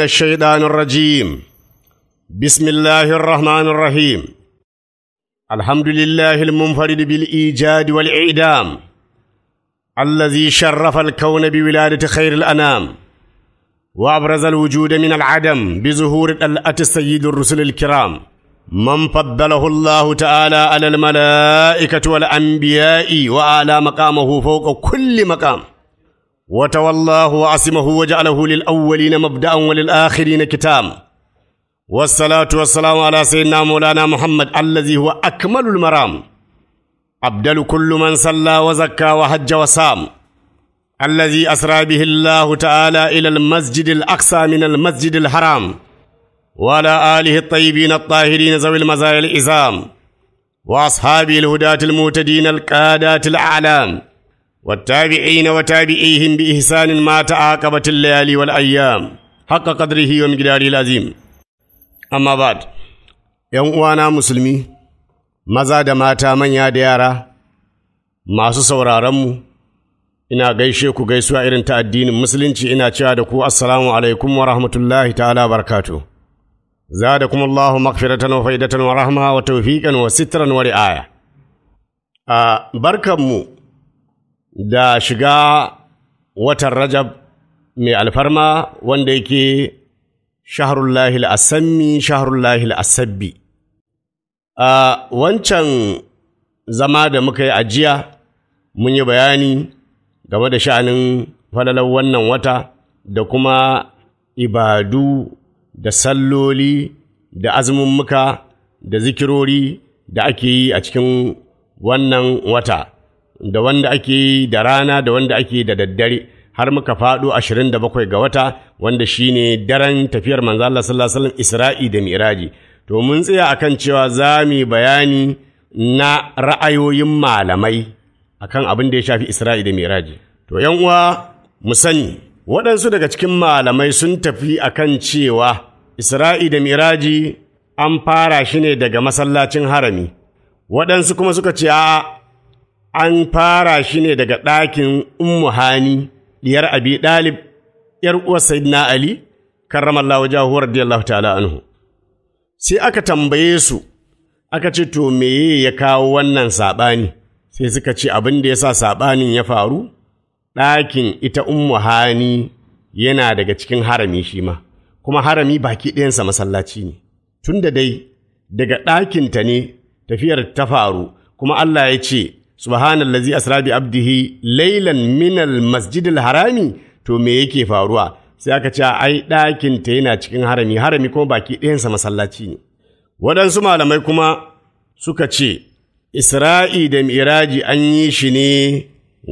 من الشيطان الرجيم بسم الله الرحمن الرحيم الحمد لله المنفرد بالإيجاد والإعدام الذي شرف الكون بولادة خير الأنام وأبرز الوجود من العدم بظهور الأت السيد الرسل الكرام من فضله الله تعالى على الملائكة والأنبياء وأعلى مقامه فوق كل مقام وتولاه وعصمه وجعله للأولين مبدأ وللآخرين كتام والصلاة والسلام على سيدنا مولانا محمد الذي هو أكمل المرام أبدل كل من صلى وزكى وحج وصام الذي أسرى به الله تعالى إلى المسجد الأقصى من المسجد الحرام وعلى آله الطيبين الطاهرين ذوي المزايا الإزام وأصحابه الهداة المهتدين القادات الأعلام والتابعين وتابعيهم بإحسان ما تعاقبت الليالي والأيام حق قدره ومقداره العظيم أما بعد ‘yan uwana musulmi, maza da mata manya da yara, masu sauraronmu, ina gaishe ku gaisuwa irin ta addinin musulunci ina cewa da ku assalamu alaikum wa rahmatullahi ta'ala barkatu. Za da kuma Allahu makfiratan wa faidatan wa rahma wa taufiƙan wa sitran wa ri'aya. A barkanmu da shiga watan Rajab mai alfarma wanda yake shaharullahi al'asammi shaharullahi al'asabbi. A wancan zama da muka yi ajiya mun yi bayani game da sha'anin falalar wannan wata da kuma ibadu da salloli da azumin muka da zikirori da ake yi a cikin wannan wata. da wanda ake yi da rana da wanda ake yi da daddare har muka faɗo 27 ga wata wanda shine daren tafiyar manzo Allah sallallahu alaihi Isra'i da Miraji to mun tsaya akan cewa za mu bayani na ra'ayoyin malamai akan abin da ya shafi Isra'i da Miraji to yan uwa mu sani waɗansu daga cikin malamai sun tafi akan cewa Isra'i da Miraji an fara shi ne daga masallacin harami waɗansu kuma suka ce a an fara shi ne daga ɗakin ummu hani diyar abi ɗalib ‘yar uwar sayyidina ali karramallahu jahu radiyallahu ta'ala anhu sai aka tambaye su aka ce to meye ya kawo wannan saɓani sai suka ce abin da ya sa saɓanin ya faru ɗakin ita ummu hani yana daga cikin harami shi ma kuma harami baki ɗayansa masallaci ne tun da dai daga ɗakinta ne tafiyar ta faru kuma Allah ya ce subhanallazi asra bi abdihi minar minal masjidil harami to me yake faruwa sai aka ce ai ɗakin ta yana cikin harami harami kuma baki ɗayansa masallaci ne waɗansu malamai kuma suka ce isra'i da miraji an yi shi ne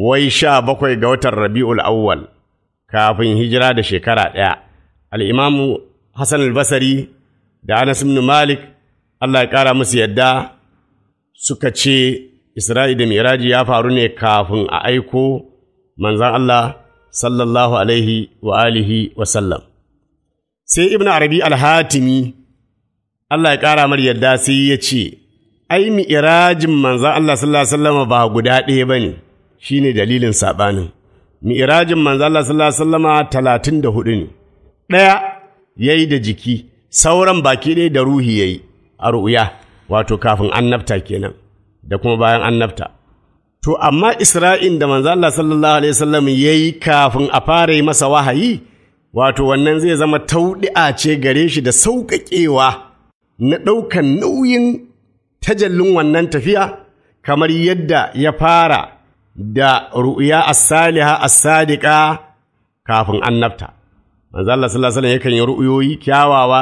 wai sha bakwai ga watan rabi'ul awwal kafin hijira da shekara ɗaya al'imamu hassan albasari da anas ibn malik allah ya ƙara musu yadda suka ce Isra'i da Miraji ya faru ne kafin a aiko manzan Allah sallallahu alaihi wa alihi wa sallam. Sai Ibn Arabi al-Hatimi, Allah ya ƙara mar yadda sai ya ce, Ai, mi'irajin manzan Allah sallallahu alaihi wa ba guda ɗaya ba ne, shi ne dalilin saɓanin. Mi'irajin manzan Allah sallallahu alaihi wa talatin da hudu ne, ɗaya ya yi da jiki, sauran baki ɗaya da ruhi ya yi, a ru'uya, wato kafin annabta kenan. da kuma bayan annabta to amma isra'in da manzo Allah sallallahu alaihi wasallam yayi kafin a fara yi masa wahayi wato wannan zai zama tauɗi'a ce gare shi da sauƙaƙewa na ɗaukan nauyin tajallin wannan tafiya kamar yadda ya fara da ru'uya as-saliha as-sadiqa kafin annabta manzo Allah sallallahu alaihi wasallam yakan yi ru'uyoyi kyawawa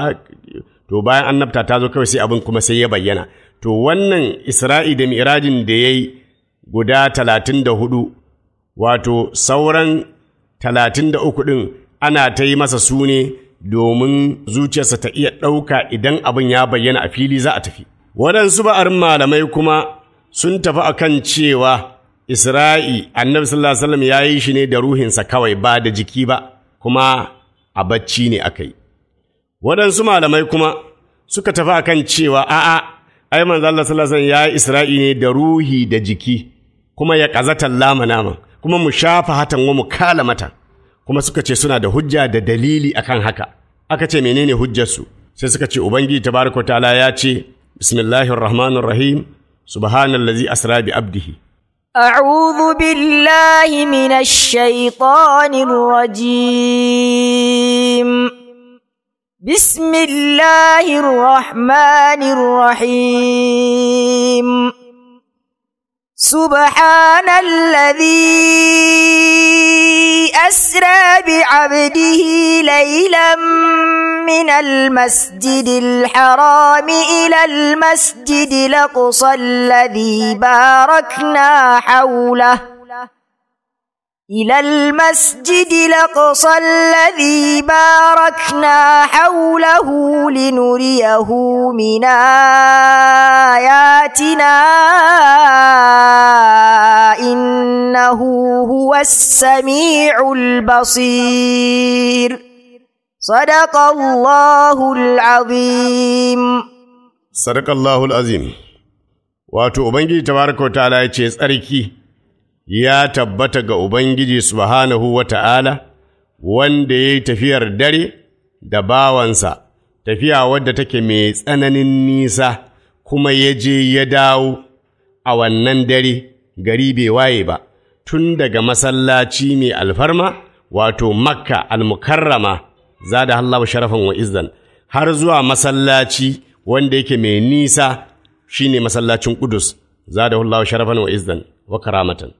to bayan annabta ta zo kawai sai abin kuma sai ya bayyana to wannan isra'i da mirajin da ya yi guda talatin da hudu wato sauran talatin da uku ɗin ana ta yi masa su ne domin zuciyarsa ta iya ɗauka idan abin ya bayyana a fili za a tafi waɗansu ba'arin malamai kuma sun tafi a kan cewa isra'i annabi sallallahu ya yi shi ne da ruhinsa kawai ba da jiki ba kuma a bacci ne aka yi waɗansu malamai kuma suka tafi a kan cewa a'a ai manzo Allah sallallahu alaihi ya isra'i ne da ruhi da jiki kuma ya kazata lama nama kuma mu shafa hatan wa mu kala mata kuma suka ce suna da hujja da dalili akan haka aka ce menene hujjar su sai suka ce ubangiji tabaraka taala ya ce bismillahir rahmanir rahim subhanallazi asra bi abdihi أعوذ بالله من الشيطان الرجيم بسم الله الرحمن الرحيم سبحان الذي أسرى بعبده ليلا من المسجد الحرام إلى المسجد الأقصى الذي باركنا حوله إلى المسجد الأقصى الذي باركنا حوله لنريه من آياتنا إنه هو السميع البصير صدق الله العظيم صدق الله العظيم واتو أبنجي تبارك وتعالى يتشيس أريكي ya tabbata ga Ubangiji subhanahu wa ta'ala, wanda ya yi tafiyar dare da bawansa, tafiya wadda take mai tsananin nisa kuma ya je ya dawo a wannan dare gari bai waye ba, tun daga masallaci mai alfarma, wato Makka almukarrama mukarrama za da hallawa sharafin wa izdan, har zuwa masallaci wanda yake mai nisa shine masallacin Kudus, za da hallawa sharafin wa izdan, wa karamatan.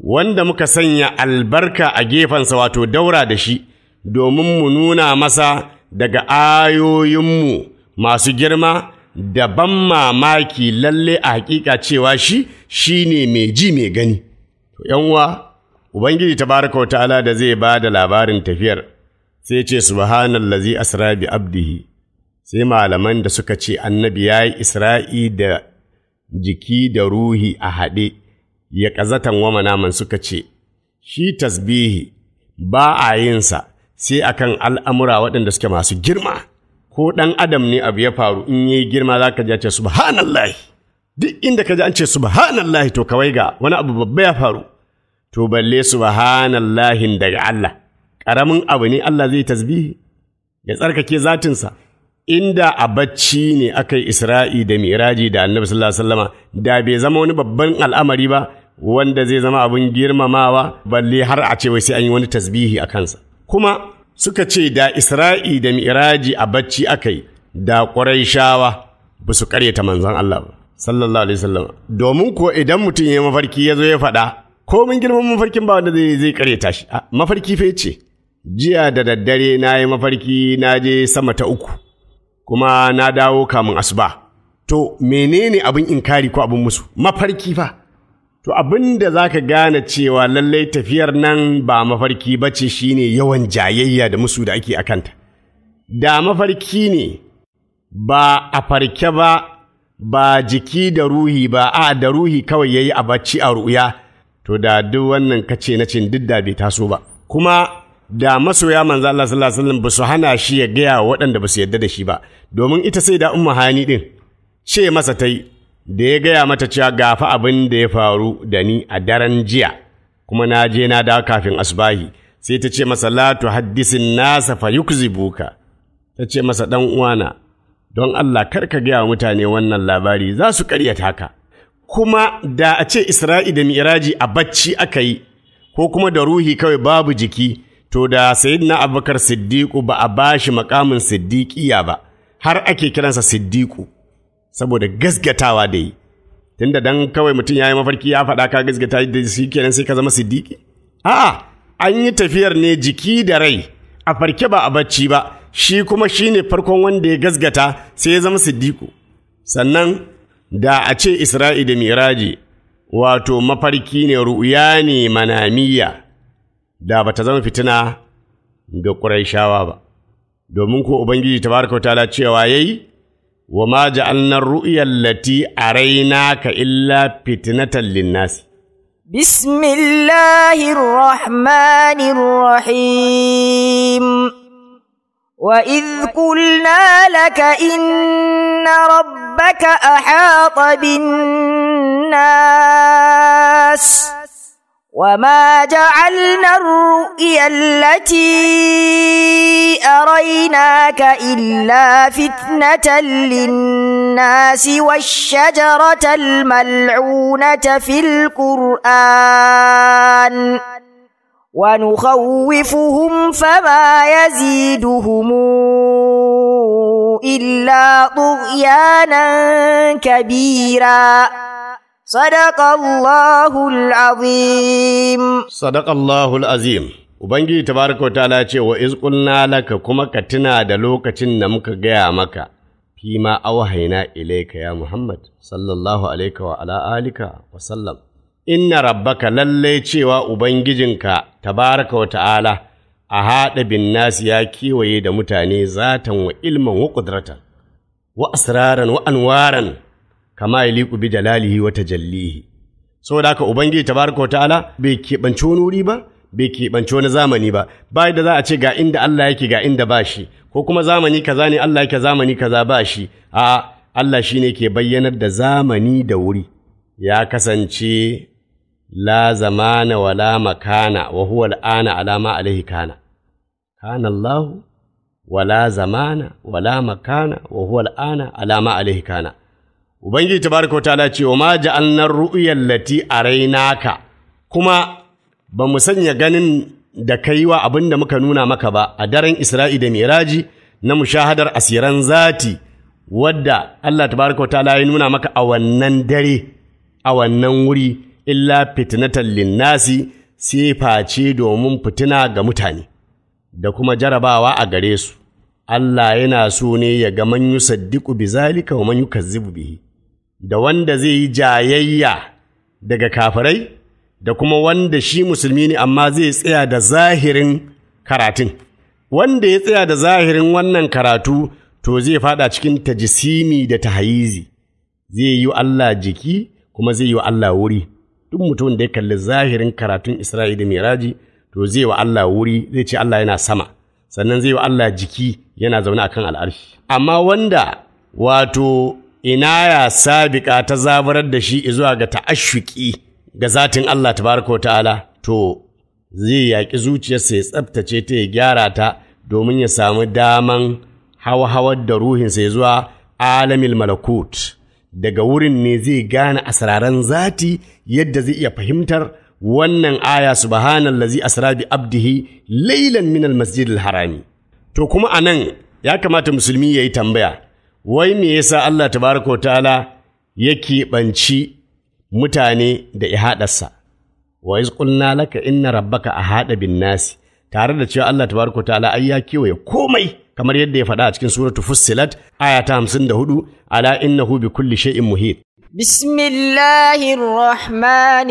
wanda muka sanya albarka a gefensa wato daura da shi domin mu nuna masa daga ayoyinmu masu girma da ban mamaki lalle a hakika cewa shi shi ne mai ji mai gani. uwa Ubangiji ta baraka wa ta'ala da zai ba da labarin tafiyar sai ce subhanallazi asra bi abdihi sai malaman da suka ce annabi ya yi isra'i da jiki da ruhi a haɗe. ya ƙazatan wa manaman suka ce, Shi tasbihi ba a yinsa sai akan al'amura waɗanda suke masu girma, ko ɗan adam ne abu ya faru in yi girma za ka ce subhanallah duk inda ka ji an ce subhanallah to kawai ga wani abu babba ya faru, to balle subhanallahin daga Allah, ƙaramin abu ne Allah zai tasbihi ya tsarkake zatinsa. inda a bacci ne aka yi isra'i da miraji da annabi sallallahu alaihi wasallama da bai zama wani babban al'amari ba wanda zai zama abin girmamawa balle har a ce wai sai an yi wani tasbihi a kansa kuma suka ce da isra'i da mi'raji a bacci aka yi da shawa ba su ƙaryata manzon Allah ba sallallahu alaihi wasallam ko idan mutum ya mafarki ya zo ya faɗa ko mun girman mafarkin ba wanda zai zai ƙaryata shi mafarki fa ce jiya da daddare na yi mafarki na je sama ta uku kuma na dawo kamun asuba to menene abin inkari ko abin musu mafarki fa To abin da za ka gane cewa lallai tafiyar nan ba mafarki ba ce shi ne yawan jayayya da musu da ake a kanta, Da mafarki ne ba a farke ba, ba jiki da ruhi ba, a da ruhi kawai ya yi a bacci a ru'uya, to da duk wannan kace na cin duk da bai taso ba. Kuma da masoya manza Allah sallallahu ba su hana shi ya gaya waɗanda ba su yadda da shi ba, domin ita sai da hani din ce masa ta da ya gaya mata cewa gafi abin da ya faru da ni a daren jiya kuma na je na dawo kafin asubahi sai ta ce masa latu haddisin nasa fa yukzibuka ta ce masa dan uwana don Allah kar ka gaya mutane wannan labari za su karyata ka kuma da a ce Isra'i da Mi'raji a bacci aka yi ko kuma da ruhi kawai babu jiki to da sayyidina Abubakar Siddiqu ba a bashi makamin Siddiqiya ba har ake kiransa Siddiqu saboda gasgatawa da yi tunda dan kawai mutum ya yi mafarki ya faɗa ka gaskata da shi kenan sai ka zama siddiƙi a'a an yi tafiyar ne jiki da rai a farke ba a bacci ba shi kuma shi ne farkon wanda ya gasgata sai ya zama sidiku sannan da a ce isra'i da miraji wato mafarki ne ru'uya ne manamiya da ba ta zama fitina ga ƙurai ba domin ko ubangiji ta ta ta'ala cewa yi. وما جعلنا الرؤيا التي أريناك إلا فتنة للناس بسم الله الرحمن الرحيم وإذ قلنا لك إن ربك أحاط بالناس وما جعلنا الرؤيا التي أريناك إلا فتنة للناس والشجرة الملعونة في القرآن ونخوفهم فما يزيدهم إلا طغيانا كبيراً صدق الله العظيم صدق Ubangiji tabaraka wa ta'ala ce wa iz laka kuma ka tuna da lokacin da muka gaya maka fi ma awhayna ilayka ya Muhammad sallallahu alayka wa ala alika wa sallam inna rabbaka lalle cewa ubangijinka tabaraka wa ta'ala a haɗa bin nasi ya kewaye da mutane zatan wa ilman wa qudratan wa asraran wa anwaran kama ya liƙu bi jalalihi wa tajallihi saboda haka ubangiji tabaraka wa ta'ala bai keɓance wani wuri ba bai keɓance wani zamani ba ba da za a ce ga inda Allah yake ga inda ba shi ko kuma zamani kaza ne Allah yake zamani kaza ba shi a Allah shi ne ke bayyanar da zamani da wuri ya kasance la zamana wala makana wa huwa al'ana alama alaihi kana kana Allah wala zamana la makana wa huwa al'ana alama alaihi kana ubangiji tabaraka ta'ala ce "O ma nan ru'yal lati rainaka kuma ba mu sanya ganin da kai wa abin da muka nuna maka ba a daren Isra'i da Miraji na mushahadar asiran zati wadda Allah tabaraka ta'ala ya nuna maka a wannan dare a wannan wuri illa fitinatan linnasi sai face domin fitina ga mutane da kuma jarabawa a gare su Allah yana so ne ya ga man bi Zalika, wa man kazzibu bihi da wanda zai yi jayayya daga kafirai da kuma wanda shi musulmi ne amma zai tsaya da zahirin karatun wanda ya tsaya da zahirin wannan karatu to zai fada cikin tajisimi da tahayizi zai yi Allah jiki kuma zai yi Allah wuri duk mutum da ya kalli zahirin karatun Isra'ila Miraji to zai wa Allah wuri zai ce Allah yana sama sannan zai wa Allah jiki yana zaune a kan al'arshi amma wanda wato Ina ya sabiƙa ta zabarar da shi zuwa ga ta'ashuki ga zatin Allah tabaraka wa ta'ala to zai yaƙi zuciyarsa ya tsabtace ta ya gyara ta domin ya samu daman hawa-hawar da ruhinsa ya zuwa alamil malakut daga wurin ne zai gane asraran zati yadda zai iya fahimtar wannan aya lazi asra bi abdihi lailan minal masjidil harami to kuma anan ya kamata musulmi ya yi tambaya wai me yasa Allah tabaraka ta'ala ya keɓanci mutane da ihadarsa wa iz qulna laka inna rabbaka ahada bin nasi tare da cewa Allah tabaraka ta'ala ai ya kewaye komai kamar yadda ya faɗa a cikin suratu fussilat aya ta 54 ala innahu bi kulli shay'in muhit بسم الله الرحمن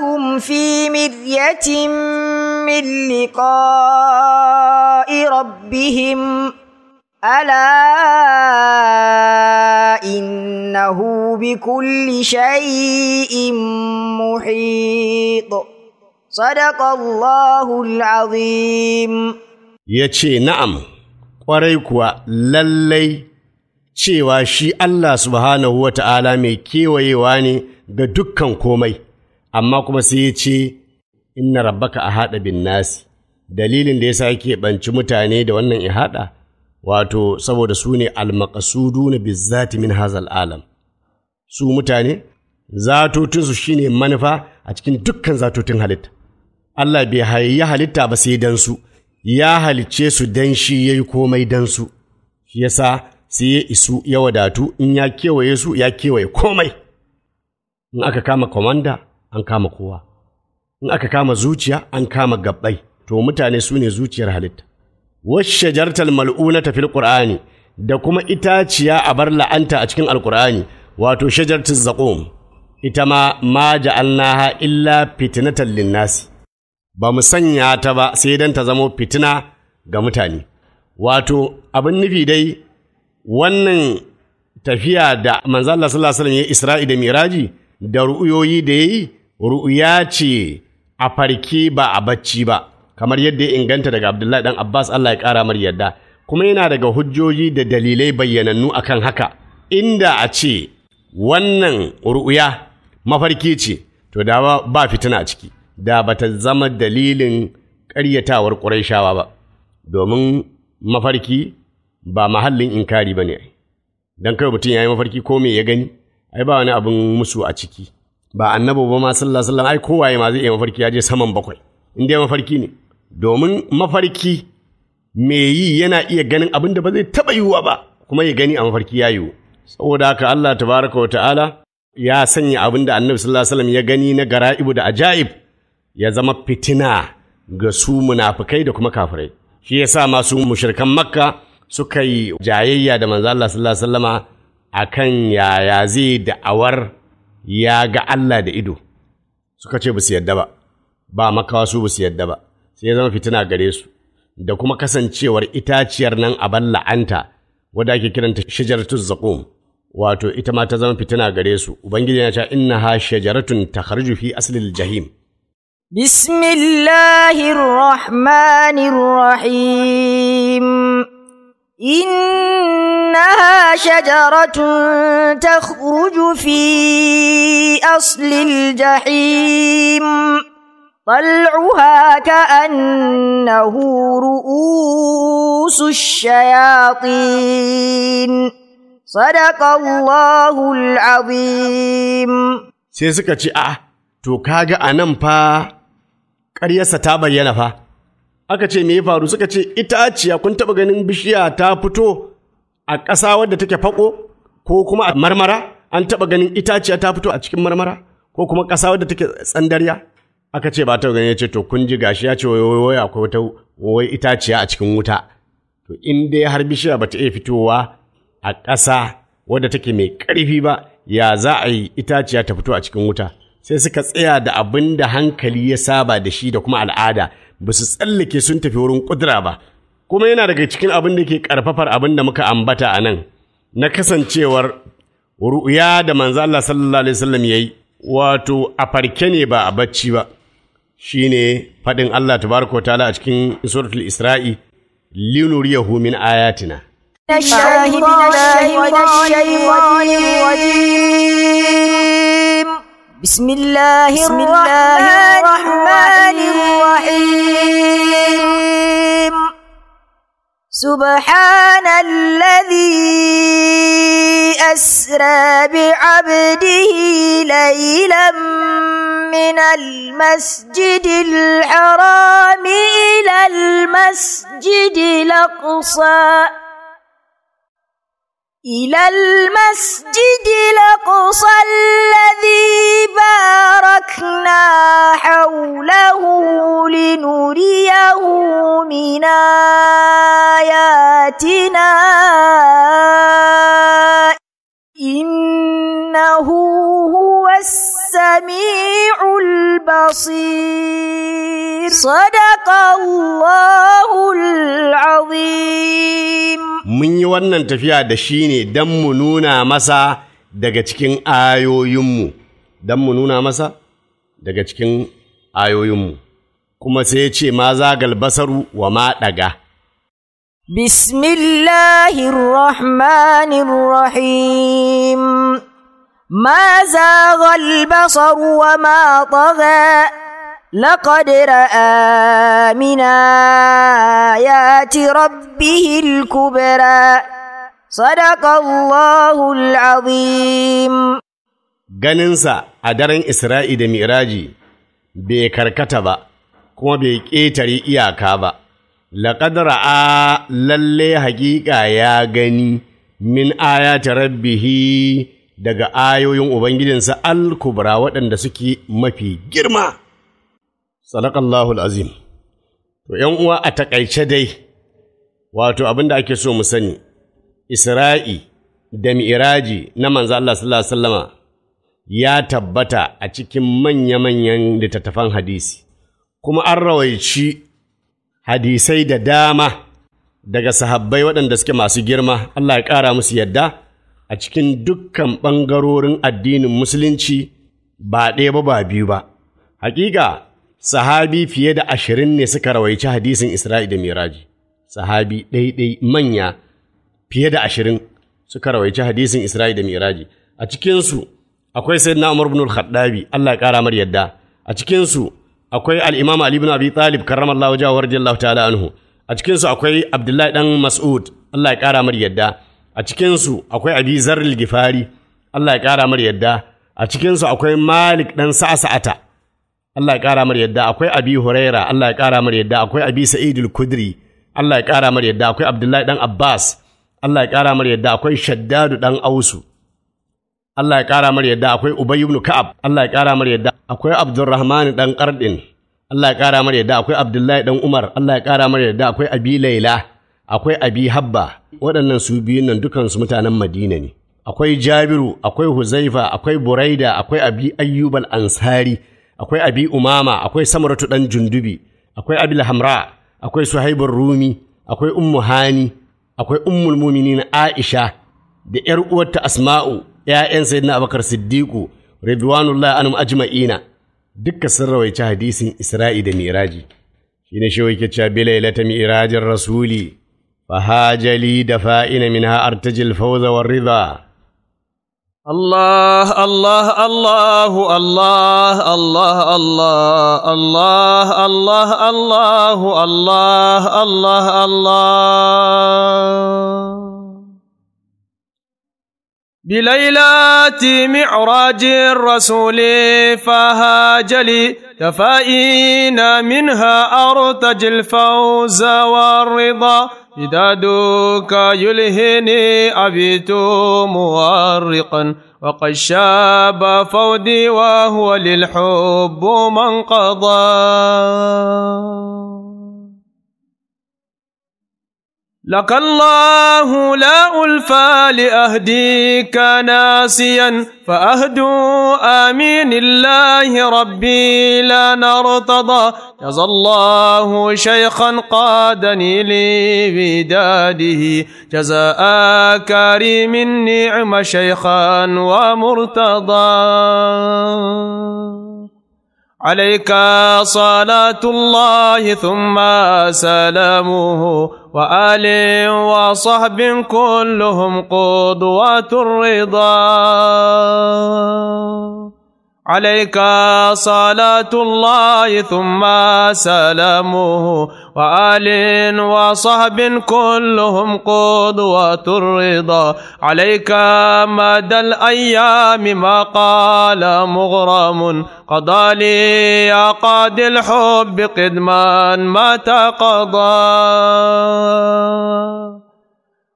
هم في مرية من لقاء ربهم ألا إنه بكل شيء محيط صدق الله العظيم يتشي نعم وريكوا للي cewa shi Allah subhanahu wa ta'ala mai kewayewa ne ga dukkan komai. amma kuma sai ya ce inna rabbaka a haɗa bin nasi dalilin da ya sa yake banci mutane da wannan haɗa wato saboda su ne almakasudu na bizzati min hazal alam su mutane zatotinsu ne manufa a cikin dukkan zatotin halitta Allah bai hayayya halitta ba sai dan su ya halicce su dan shi ya yi komai dan su shi yasa sai ya isu ya wadatu in ya kewaye su ya kewaye komai in aka kama komanda an kama kowa in aka kama zuciya an kama gabbai to mutane su ne zuciyar halitta Wasu washajartal mal'unata tafi qur'ani da kuma itaciya a bar la'anta a cikin alkur'ani wato sha'jartar zaƙon, ita ma ma ja'alnaha illa fitinatar linnasi ba mu sanya ta ba sai dan ta zamo fitina ga mutane wato abin nufi dai wannan tafiya da manzan Allah sallallahu alaihi wasallam ya Isra'i da Miraji da ru'uyoyi da yayi ru'uya ce a farki ba a bacci ba kamar yadda ya inganta daga Abdullahi dan Abbas Allah ya ƙara mar yadda kuma yana daga hujjoji da dalilai bayyanannu akan haka inda a ce wannan ru'uya mafarki ce to da ba fitina a ciki da ba ta zama dalilin ƙaryatawar ƙuraishawa ba domin mafarki ba mahallin inkari ba ne don kai mutum ya yi mafarki ko me ya gani ai ba wani abin musu a ciki ba annabi ba ma sallallahu alaihi wasallam ai kowaye ma zai iya mafarki ya je saman bakwai in dai mafarki ne domin mafarki me yi yana iya ganin abin da ba zai taba yiwuwa ba kuma ya gani a mafarki ya yiwu saboda haka Allah tabaraka wa ta'ala ya sanya abin da annabi sallallahu alaihi wasallam ya gani na gara'ibu da ajaib ya zama fitina ga su munafikai da kuma kafirai shi yasa masu mushrikan makka suka yi jayayya da manzo Allah sallallahu alaihi wasallama akan yaya zai da'awar ya ga Allah da ido suka ce ba su yadda ba ba makawa su su yadda ba sai ya zama fitina gare su da kuma kasancewar itaciyar nan a ban la'anta wadda ake kiranta shajaratun zaƙum wato ita ma ta zama fitina gare su ubangiji ya ce ha shajaratun kharju fi aslil jahim bismillahir rahmanir rahim إنها شجرة تخرج في أصل الجحيم طلعها كأنه رؤوس الشياطين صدق الله العظيم sai أه تو a to kaga anan fa ƙaryarsa aka ce me ya faru suka ce itaciya kun taba ganin bishiya ta fito a ƙasa wadda take fako ko kuma a marmara an taɓa ganin itaciya ta fito a cikin marmara ko kuma ƙasa wadda take tsandarya aka ce ba ta gani ya ce to kun ji gashi ya ce wai akwai wata wai itaciya a cikin wuta to in dai har bishiya bata iya fitowa a ƙasa wadda take mai ƙarfi ba ya za a yi itaciya ta fito a cikin wuta sai suka tsaya da abin da hankali ya saba da shi da kuma al'ada ba su tsallake sun tafi wurin ƙudura ba kuma yana daga cikin abin da ke ƙarfafar abin da muka ambata a nan na kasancewar ru'ya da manzala sallallahu alaihi wasallam yi wato a farke ne ba a bacci ba shine faɗin Allah ta tabaraka ta'ala a cikin suratul Isra'i linuriyahu min ayatina الشيطان الرجيم بسم الله, بسم الرحمن الرحيم سبحان الذي أسرى بعبده ليلا من المسجد الحرام إلى المسجد الأقصى إلى المسجد الأقصى الذي باركنا حوله لنريه من آياتنا إنه هو السميع البصير صدق الله العظيم mun yi wannan tafiya da shi ne don mu nuna masa daga cikin ayoyinmu mu nuna masa daga cikin ayoyinmu kuma sai ce ma zagal basaru wa ma ɗaga bismillahirrahmanirrahim ما زاغ البصر وما طغى لقد رأى من آيات ربه الكبرى صدق الله العظيم ganinsa a daren Isra'i da Miraji bai karkata ba, kuma bai ƙetare iyaka ba, laƙad ra'a lalle haƙiƙa ya gani min ayata rabbihi daga ayoyin Ubangijinsa al-kubra waɗanda suke mafi girma. Sadakallahul azim. To, ‘yan uwa a taƙaice dai, wato abin da ake so mu sani, Isra'i da mi'iraji na manzo Allah sallallahu Alaihi ya tabbata a cikin manya-manyan littattafan hadisi, kuma an rawaici hadisai da dama daga sahabbai waɗanda suke masu girma, Allah ya ƙara musu yadda. a cikin dukkan ɓangarorin addinin musulunci ba ɗaya ba ba biyu ba. Hakika, sahabi fiye da ashirin ne suka rawaici hadisin Isra'i da Miraji, sahabi ɗaiɗai manya fiye da ashirin suka rawaici hadisin Isra'i da Miraji. A cikinsu akwai Sayyidina Umar bin Al-Khattabi, Allah ƙara mar yadda. A cikinsu akwai Al’imam Ali bin Abi Talib karramallahu jahu radiyallahu ta'ala anhu. A cikinsu akwai Abdullahi ɗan Mas'ud, Allah ya ƙara mar yadda. a cikinsu akwai abi gifari Allah ya ƙara mar yadda a cikinsu akwai malik ɗan sa'ata Allah ya ƙara mar yadda akwai abi huraira Allah ya ƙara mar yadda akwai abi sa'idul kudri Allah ya ƙara mar yadda akwai abdullahi ɗan abbas Allah ya ƙara mar yadda akwai shaddadu ɗan ausu Allah ya ƙara mar yadda akwai ubayy ibn ka'ab Allah ya ƙara mar yadda akwai abdurrahman ɗan ƙarɗin Allah ya ƙara mar yadda akwai abdullahi ɗan umar Allah ya ƙara mar yadda akwai abi laila akwai abi habba waɗannan su biyun nan dukansu mutanen madina ne akwai jabiru akwai huzaifa akwai buraida akwai abi ayyubal ansari akwai abi umama akwai samaratu ɗan jundubi akwai abil hamra akwai suhaibur rumi akwai ummu hani akwai ummul mu'minin aisha da yar uwarta asma'u ƴaƴan sayyidina abakar siddiqu ridwanullahi anhum ajma'ina dukka sun rawaici hadisin isra'i da miraji shine shi wake cewa bi mirajin rasuli فهاج لي دفائن منها أرتجي الفوز والرضا الله الله الله الله الله الله الله الله الله الله الله الله بليلة معراج الرسول فهاج لي دفائن منها أرتج الفوز والرضا إدادك يلهني أبيت مؤرقا وقد شاب فودي وهو للحب منقضى لك الله لا ألفى لأهديك ناسيا فأهدوا آمين الله ربي لا نرتضى جزى الله شيخا قادني لبداده جزاء كريم النعم شيخا ومرتضى عليك صلاة الله ثم سلامه وآل وصحب كلهم قدوة الرضا عليك صلاة الله ثم سلامه وآل وصحب كلهم قدوة الرضا عليك مدى الأيام ما قال مغرم قضى لي يا قاضي الحب قدما ما تقضى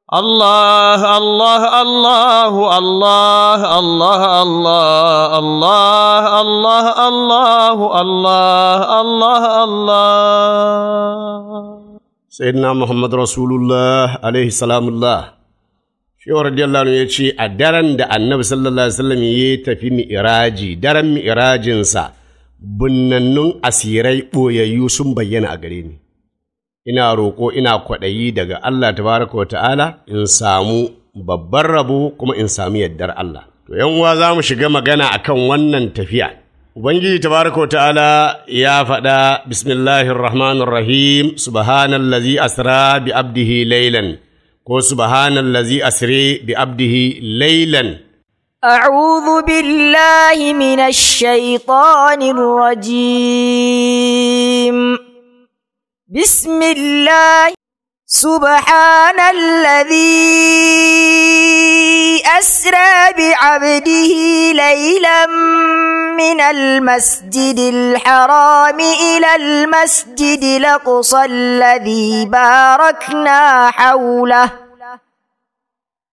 Allah Allah Allahu Allah Allah Allah الله Allah الله الله الله الله sayyidina Muhammad Rasulullah alaihi salamullah shi radiyallahu ya ce a daren da annabi sallallahu alaihi wasallam ya tafi mi'iraji daren mi'irajinsa bunnannun asirai ɓoyayyu sun bayyana a gare ni ina roƙo ina kwaɗayi daga Allah tabaraka ta'ala in samu babban rabo kuma in samu yaddar Allah to yan uwa za mu shiga magana akan wannan tafiya ubangiji tabaraka ta'ala ya faɗa bismillahir rahmanir rahim subhanallazi asra bi abdihi laylan ko subhanallazi asri bi abdihi laylan أعوذ بالله من الشيطان الرجيم بسم الله سبحان الذي أسرى بعبده ليلا من المسجد الحرام إلى المسجد الأقصى الذي باركنا حوله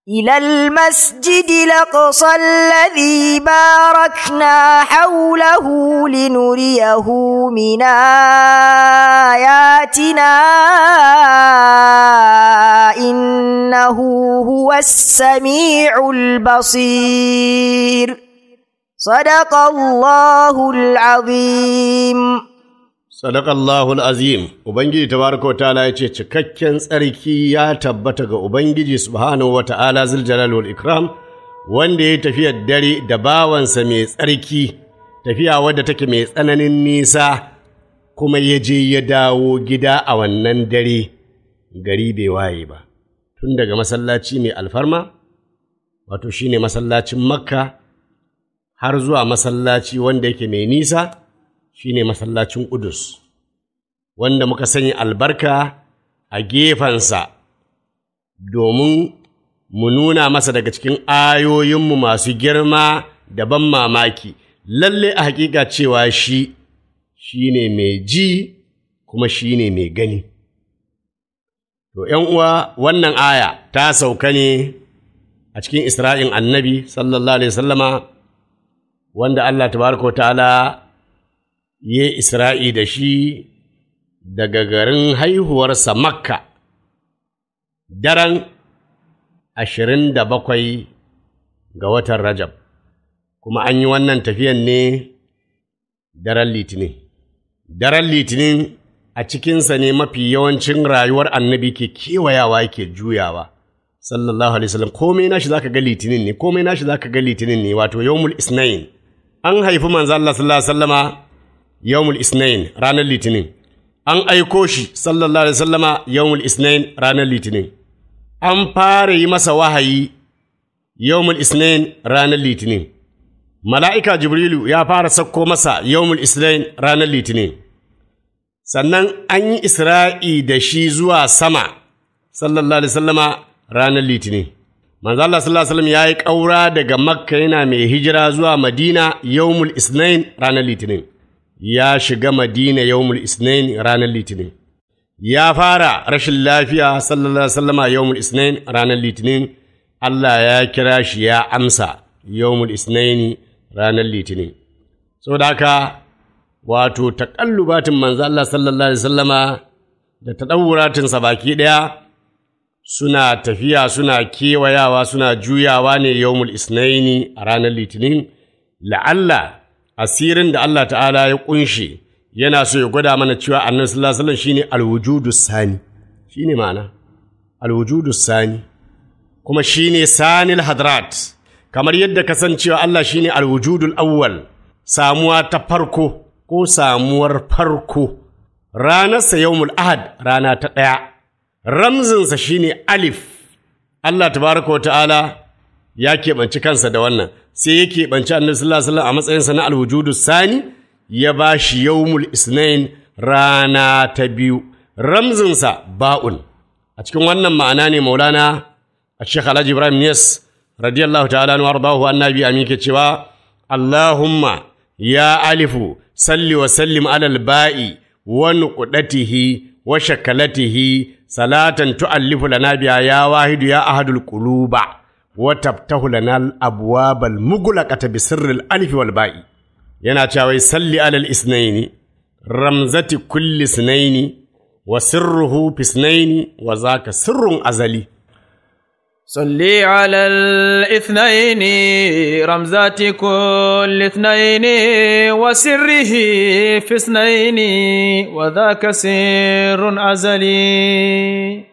إلى المسجد الأقصى الذي باركنا حوله لنريه من آياتنا إنه هو السميع البصير صدق الله العظيم Sadakallahul azim Ubangiji tabaraka wa ta'ala ce cikakken tsarki ya tabbata ga Ubangiji subhanahu wa ta'ala zuljalalul ikram wanda ya tafiya dare da bawansa mai tsarki tafiya wadda take mai tsananin nisa kuma ya je ya dawo gida a wannan dare gari bai waye ba tun daga masallaci mai alfarma wato shine masallacin makka har zuwa masallaci wanda yake mai nisa Shi ne masallacin Ƙudus, wanda muka sanya albarka a gefensa domin mu nuna masa daga cikin ayoyinmu masu girma da ban mamaki, lalle a hakika cewa shi shi ne mai ji kuma shi ne mai gani. To, uwa wannan aya ta sauka ne a cikin Isra'in annabi sallallahu Alaihi wasallama wanda Allah ta ta'ala ya isra'i da shi daga garin haihuwarsa makka daren ashirin da bakwai ga watan rajab kuma an yi wannan tafiyan ne daren litinin daren litinin a cikinsa ne mafi yawancin rayuwar annabi ke kewayawa yake juyawa sallallahu alaihi wasallam komai nashi za ka ga litinin ne komai nashi za ka ga litinin ne wato yawmul isnain an haifi manzo Allah sallallahu alaihi wasallama yawmul isnain ranar litinin an aiko shi sallallahu alaihi wasallama yawmul isnain ranar litinin an fara yi masa wahayi yawmul isnain ranar litinin mala'ika jibrilu ya fara sakko masa yawmul isnain ranar litinin sannan an yi isra'i da shi zuwa sama sallallahu alaihi wasallama ranar litinin manzo Allah sallallahu alaihi wasallam yayi kaura daga makka yana mai hijira zuwa madina yawmul isnain ranar litinin ya shiga madina yawmul isnain ranar litinin ya fara rashin lafiya sallallahu alaihi wasallama yawmul isnain ranar litinin Allah ya kira shi ya amsa yawmul isnain ranar litinin saboda haka wato taƙallubatin manzo Allah sallallahu alaihi wasallam da taɗauratinsa baki ɗaya suna tafiya suna kewayawa suna juyawa ne yau isnaini a ranar litinin la'alla asirin da Allah ta'ala ya ƙunshi yana so ya gwada mana cewa annabi sallallahu alaihi wasallam shine alwujudu sani shine ma'ana alwujudu sani kuma shine sanil hadrat kamar yadda ka san cewa Allah shine alwujudul awwal samuwa ta farko ko samuwar farko ranarsa yawmul ahad rana ta ɗaya ramzinsa shine alif Allah tabaraka wa ta'ala ya keɓanci kansa da wannan sai ya banci annabi sallallahu alaihi a matsayinsa na alwujudu sani ya ba shi yawmul isnain rana ta biyu ramzinsa ba'un a cikin wannan ma'ana ne maulana a shekh alhaji ibrahim niyas radiyallahu ta'ala na wardahu annabi amin cewa allahumma ya alifu salli wa sallim alal ba'i wa nuqdatihi wa shakalatihi salatan tu'allifu lana biya ya wahidu ya ahadul quluba وتفتح لنا الابواب المغلقه بسر الالف والباء ينا تشاوي صلي على الاثنين رمزه كل اثنين وسره في اثنين وذاك سر ازلي صلي على الاثنين رمزات كل اثنين وسره في اثنين وذاك سر ازلي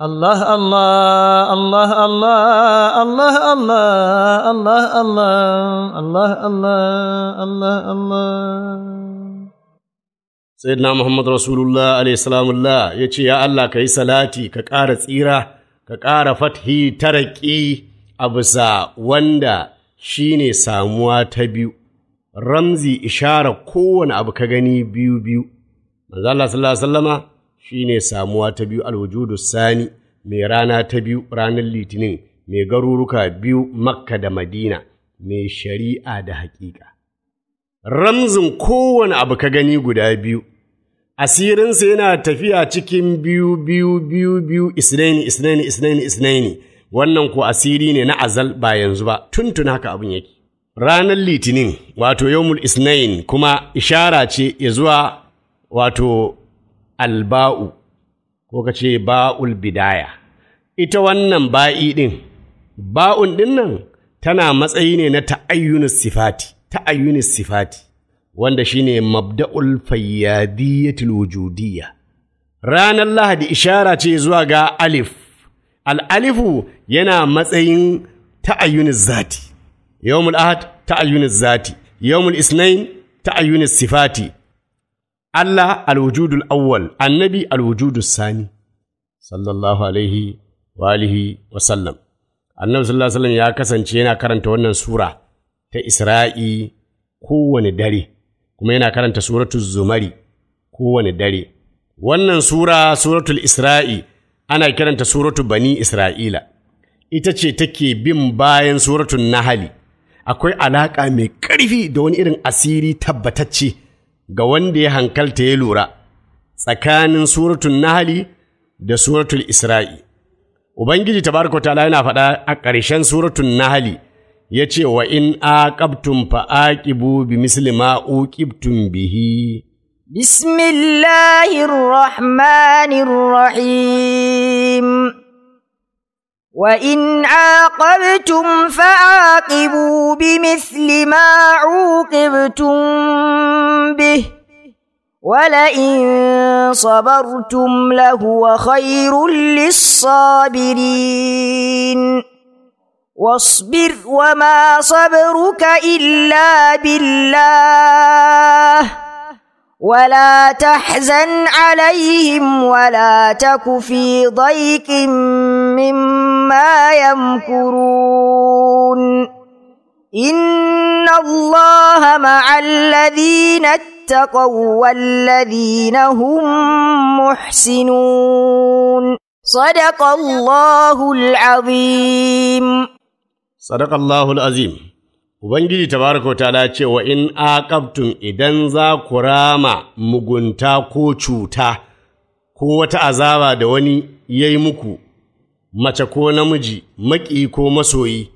Allah Allah Allah Allah Allah Allah Allah Allah Allah Allah Allah Sayyidina Muhammad Rasulullah alayhi ya ce ya Allah ka yi salati ka ƙara tsira ka ƙara fathi taraki a bisa wanda shine samuwa ta biyu ramzi ishara kowane abu ka gani biyu biyu maza Allah sallallahu alaihi wasallama Shi ne samuwa ta biyu alwujudu sani mai rana ta biyu ranar litinin mai garuruka biyu makka da madina mai shari'a da haƙiƙa. ramzin kowane abu ka gani guda biyu asirinsa yana tafiya cikin biyu biyu biyu biyu isnaini isnaini isnaini isnaini wannan ko asiri ne na azal ba yanzu ba tuntun haka abin yake ranar litinin wato yawmul isnain kuma ishara ce ya zuwa wato alba'u ko ka ce ba'ul bidaya ita wannan ba'i ɗin ba'un ɗin nan tana matsayi ne na ta'ayyunus sifati ta'ayyunus sifati wanda shine mabda'ul fayyadiyatul wujudiyya ranar lahadi ishara ce zuwa ga alif al'alifu yana matsayin ta'ayyunus zati yawmul ahad ta'ayyunus zati yawmul isnain ta'ayyunus sifati Allah alwujudul awwal annabi alwujudus sani sallallahu alaihi wa alihi wa sallam annabi sallallahu alaihi ya kasance yana karanta wannan sura ta Isra'i kowane dare kuma yana karanta suratul zumari kowane dare wannan sura suratul Isra'i ana kiranta suratul bani Isra'ila ita ce take bin bayan suratul Nahali akwai alaƙa mai ƙarfi da wani irin asiri tabbatacce ga wanda ya hankalta ya lura tsakanin suratun nahali da suratul isra'i ubangiji tabaraka ta'ala yana faɗa a ƙarshen suratun nahali ya ce wa in aqabtum fa aqibu bi misli ma uqibtum bihi bismillahir rahmanir rahim وإن عاقبتم فعاقبوا بمثل ما عوقبتم به ولئن صبرتم لهو خير للصابرين واصبر وما صبرك إلا بالله ولا تحزن عليهم ولا تك في ضيق مما ما يمكرون إن الله مع الذين اتقوا والذين هم محسنون صدق الله العظيم صدق الله العظيم Ubangiji tabaraka ta ce wa in aqabtum idan za ku rama mugunta ko cuta ko wata azaba da wani ya yi muku mace ko namiji maƙi ko masoyi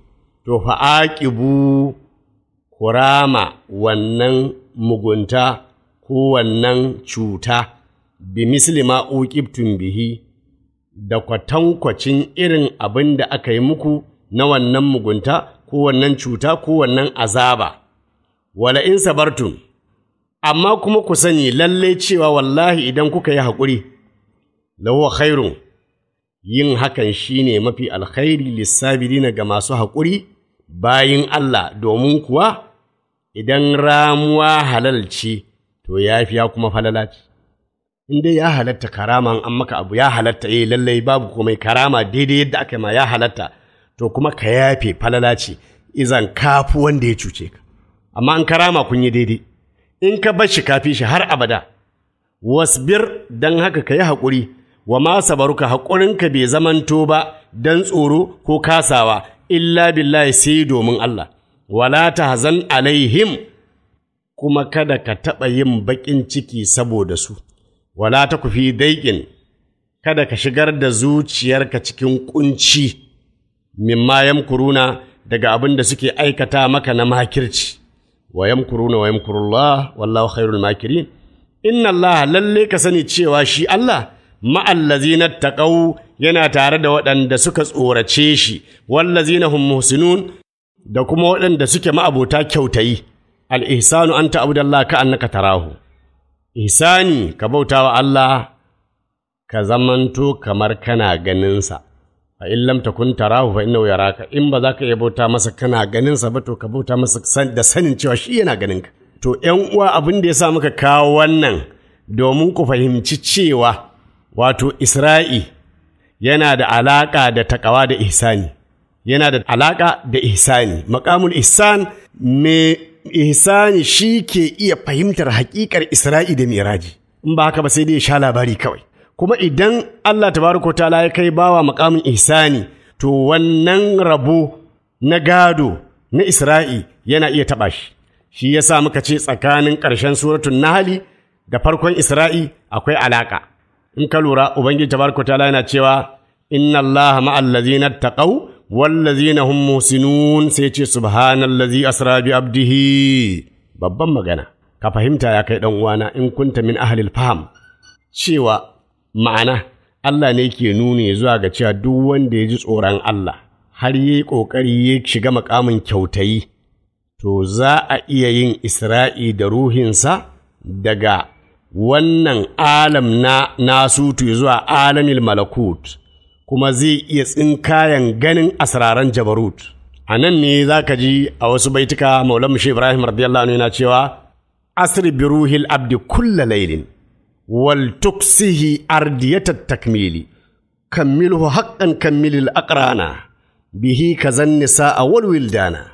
to fa'aƙibu kurama wannan mugunta ko wannan cuta bi muslima uqibtum bihi da kwatankwacin irin abin da aka yi muku na wannan mugunta ko wannan cuta ko wannan azaba wala in sabartum amma kuma ku sani lallai cewa wallahi idan kuka yi haƙuri lahu khairun yin hakan shi ne mafi alkhairi dina ga masu haƙuri bayin Allah domin kuwa idan ramuwa halal ce to yafiya kuma falala ce in dai ya halatta karama an maka abu ya halatta eh lallai babu komai karama daidai yadda aka ma ya halatta to kuma ka yafe falala ce izan kafu wanda ya cuce ka amma an karama kun yi daidai in ka bar shi kafi shi har abada wasbir dan haka ka yi haƙuri wa ma sabaruka haƙurinka bai zamanto ba don tsoro ko kasawa illa billahi sai domin Allah wala ta hazan alaihim kuma kada ka taɓa yin baƙin ciki saboda su wala ta kufi daiƙin kada ka shigar da zuciyarka cikin ƙunci mimma kuruna daga abin da suke aikata maka na makirci wa kuruna, wa yamkurullah wallahu khairul makirin inna Allah lalle ka sani cewa shi Allah ma'allazina taƙau yana tare da waɗanda suka tsorace shi wallazina na muhsinun da kuma waɗanda suke ma'abota kyautayi al an ta Abudallah ka annaka tarahu ihsani ka bautawa Allah ka zamanto kamar kana ganinsa fa in lam takun tarahu fa wuyara yaraka in ba za ka iya bauta masa kana ganinsa ba to ka bauta masa da sanin cewa shi yana ganinka to 'yan uwa abin da ya sa muka kawo wannan domin ku fahimci cewa wato Isra'i yana da alaƙa da taƙawa da ihsani, yana da alaƙa da ihsani, Makamun ihsan mai ihsani shi ke iya fahimtar haƙiƙar Isra'i da miraji, in ba haka ba sai dai sha labari kawai. Kuma idan Allah Ta tabaraka ta ya kai bawa maƙamun ihsani, to wannan rabo na gado na Isra'i yana iya taɓa shi. Shi ya sa muka ce tsakanin ƙarshen suratun Nahali da farkon Isra'i akwai alaƙa. in ka lura ubangiji tabaraka ta'ala yana cewa inna allaha ma'al ladzina taqaw wal ladzina hum musinun sai ce subhanallazi asra bi abdihi babban magana ka fahimta ya kai dan uwana in kunta min ahlil faham cewa ma'ana Allah ne ke nuni zuwa ga cewa duk wanda ya ji tsoron Allah har yi ƙoƙari ya shiga makamin kyautayi to za a iya yin isra'i da ruhinsa daga wannan alam na nasutu zuwa alamil malakut kuma zai iya tsinkayan ganin asraran jabarut a nan ne za ka ji a wasu baituka maulan mushe ibrahim radiyallahu yana cewa asri bi ruhil abdi kulla lailin wal tuksihi ardiyata takmili kammilu haqqan kammilil aqrana bihi kazan nisa a wal wildana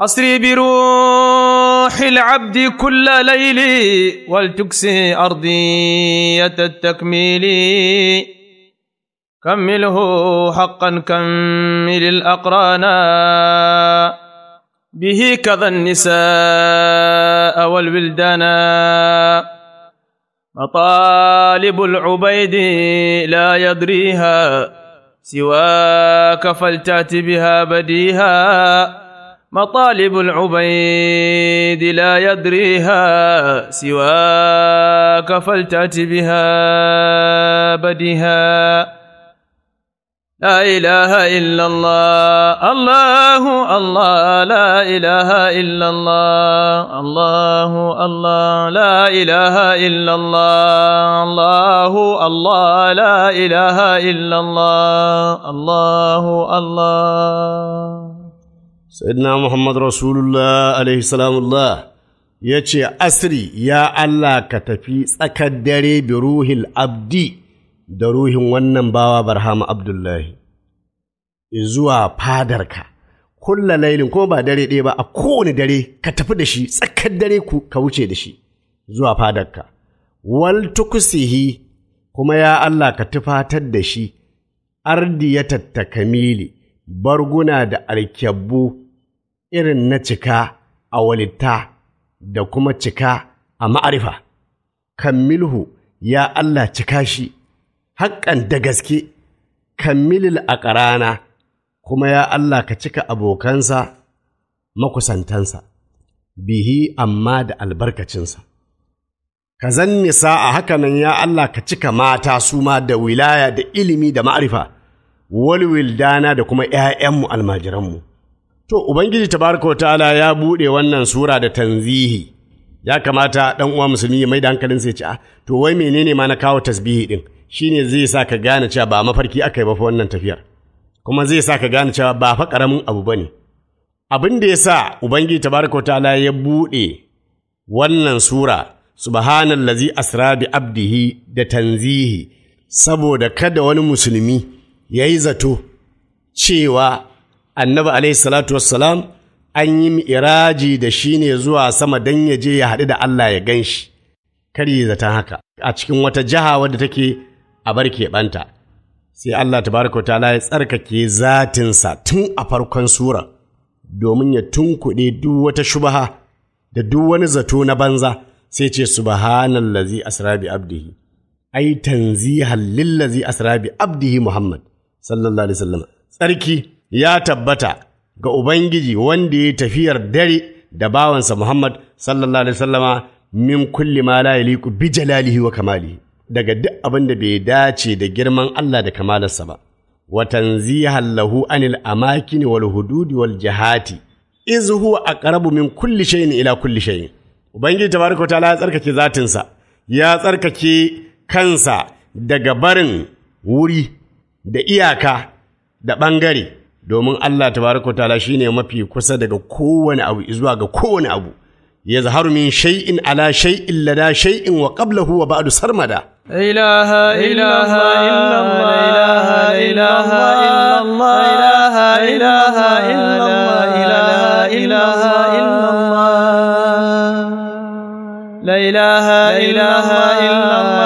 أسري بروح العبد كل ليل ولتكسي أرضية التكميل كمله حقا كمل الأقران به كذا النساء والولدان مطالب العبيد لا يدريها سواك فلتأت بها بديها مطالب العبيد لا يدريها سواك فلتأت بها بدها لا إله إلا الله الله الله لا إله إلا الله الله الله لا إله إلا الله الله الله لا إله إلا الله الله الله sayyidina muhammad rasulullah alaihi salamullah ya ce asiri ya allah ka tafi tsakar dare bi ruhil abdi da ruhin wannan bawa barhama abdullahi zuwa fadarka kulla lailin ko ba dare ɗaya ba a kowane dare ka tafi da shi tsakar dare ka wuce da shi zuwa fadarka wal tukusihi kuma ya allah ka tufatar da shi ardiyatat takamili barguna da alkyabbu irin na cika a walitta da kuma cika a ma'arifa, kammilhu ya Allah cika shi, haƙƙan da gaske, kammilil a ƙarana, kuma ya Allah ka cika abokansa makusantansa, bihi amma da albarkacinsa. Ka nisa a hakanan ya Allah ka cika mata su ma da wilaya da ilimi da ma'arifa. dana da kuma ‘ya'yanmu almajiranmu. To, Ubangiji tabaraka ta'ala ya buɗe wannan sura da tanzihi, ya kamata ɗan uwa musulmi ya mai da hankalin sai ce, ah, to wai menene ma na kawo tasbihi ɗin, shi ne zai sa ka gane cewa ba mafarki aka yi ba fa wannan tafiyar, kuma zai sa ka gane cewa ba fa ƙaramin abu ba ne. Abin da ya sa Ubangiji tabaraka ta'ala ya buɗe wannan sura, subhanallazi asra bi abdihi da tanzihi, saboda kada wani musulmi ya yi zato cewa annabi alaihi salatu wassalam an yi iraji da shi ne zuwa sama don ya je ya haɗu da Allah ya gan shi kar yi zaton haka a cikin wata jiha wadda take a bar keɓanta sai Allah ta ta'ala ya tsarkake zatinsa tun a farkon sura domin ya tunkuɗe duk wata shubaha da duk wani zato na banza sai ce subhanallazi asra bi abdihi ai tanzihan lillazi asra bi abdihi muhammad sallallahu alaihi wasallam tsarki ya tabbata ga ubangiji wanda ya tafiyar dare da bawansa Muhammad sallallahu alaihi sallama min kulli ma la yaliku bi jalalihi wa kamalihi daga duk abin da bai dace da girman Allah da kamalarsa ba wa tanzihan lahu anil amakin wal hududi wal jahati iz huwa aqrabu min kulli shay'in ila kulli shay'in ubangiji tabaraka ta'ala ya tsarkake zatinsa ya tsarkake kansa daga barin wuri da iyaka da ɓangare domin Allah tabaraka ta'ala ne mafi kusa daga kowane abu zuwa ga kowane abu ya zaharu min shay'in ala shay'in lada shay'in wa qablahu wa ba'du sarmada ilaha ilaha illallah ilaha illallah ilaha ilaha illallah ilaha ilaha illallah la ilaha ilaha illallah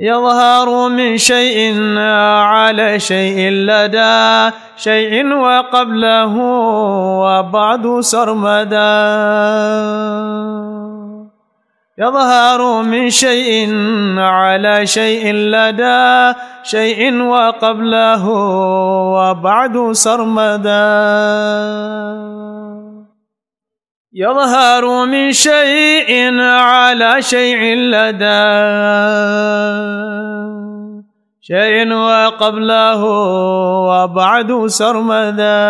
يظهر من شيء على شيء لدى شيء وقبله وبعد سرمدا يظهر من شيء على شيء لدى شيء وقبله وبعد سرمدا يظهر من شيء على شيء لدى شيء وقبله وبعد سرمدا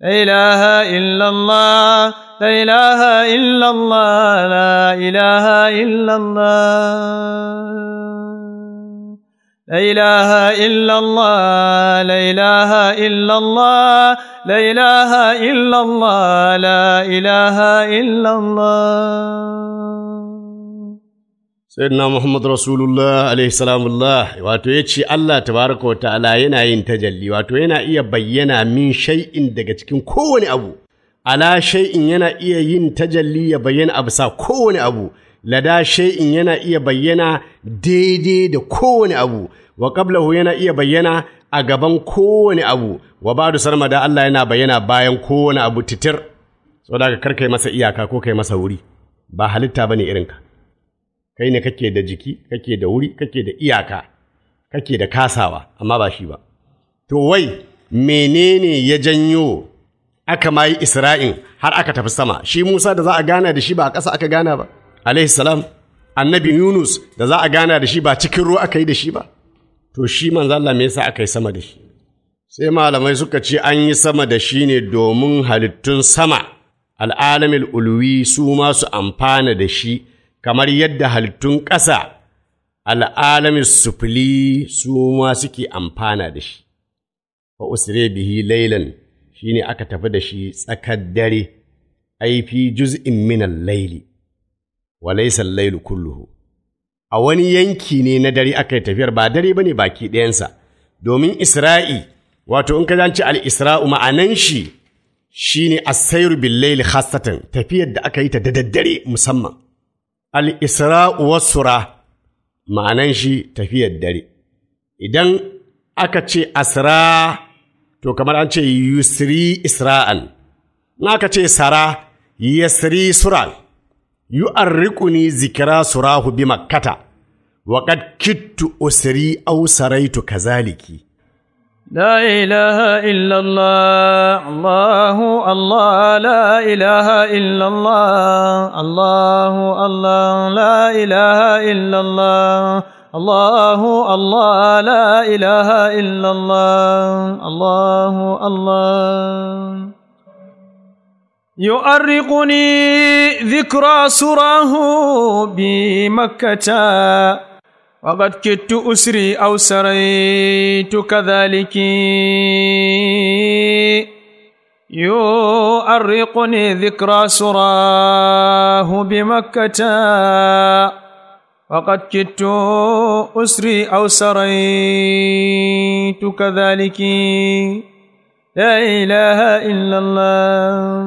لا إله إلا الله لا إله إلا الله لا إله إلا الله لا إله إلا الله لا إله إلا الله لا إله إلا الله لا إله إلا الله سيدنا محمد رسول yace Allah tabaraka wa ta'ala yana yin tajalli wato yana iya bayyana min shai'in daga cikin kowane abu ala shay'in yana iya yin tajalli ya bayyana abu sa kowane abu lada shay'in yana iya bayyana daidai da kowane abu wa qablahu yana iya bayyana a gaban kowane abu wa ba da sarmada Allah yana bayyana bayan kowane abu titir kar ka kai masa iyaka ko kai masa wuri ba halitta ba ne irinka kai ne kake da jiki kake da wuri kake da iyaka kake da kasawa amma ba shi ba to wai menene ya janyo aka ma yi isra'in har aka tafi sama shi musa da za a gana da shi ba a ƙasa aka gana ba alaihi salam annabi yunus da za a gana da shi ba cikin ruwa aka yi da shi ba to shi manzo Allah me yasa aka yi sama da shi sai malamai suka ce an yi sama da shi ne domin halittun sama al'alamin ulwi su masu amfana da shi kamar yadda halittun ƙasa al'alamin sufuli su ma suke amfana da shi fa usre bihi lailan shi ne aka tafi da shi tsakar dare aifi juz'in minan laili wa laisan lailu kulluhu a wani yanki ne na dare aka yi tafiyar ba dare ba ne baki ɗayansa domin isra'i wato in ka zance Alisra'u ma'anan shi shine ne sayru bil-layli tafiyar da aka yi ta da daddare musamman Alisra'u israu ma'anan shi tafiyar dare idan aka ce asira, to kamar an ce yusri isra'an in aka ce sara yasri suran yu'arriquni zikira surahu bi makkata wa qad kittu usri aw saraitu kazaliki لا إله إلا الله الله الله لا إله إلا الله الله الله لا إله إلا الله الله الله لا إله إلا الله الله الله يؤرقني ذكرى سراه بمكة وقد كدت أسري أو سريت كذلك يؤرقني ذكرى سراه بمكة وقد كدت أسري أو سريت كذلك لا إله إلا الله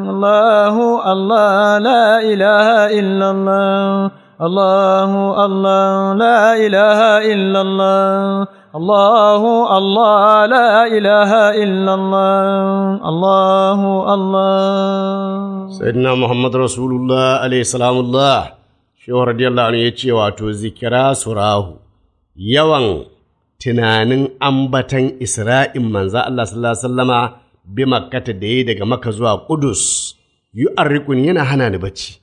الله الله لا إله إلا الله الله الله لا إله إلا الله الله الله لا إله إلا الله الله الله سيدنا محمد رسول الله عليه السلام الله شو رضي الله عنه يتشي واتو ذكرى سراه يوان tunanin ambatan Isra'in manza Allah sallallahu Alaihi wasallama bi makkata da ya daga maka zuwa Ƙudus, yi yana hana ni bacci.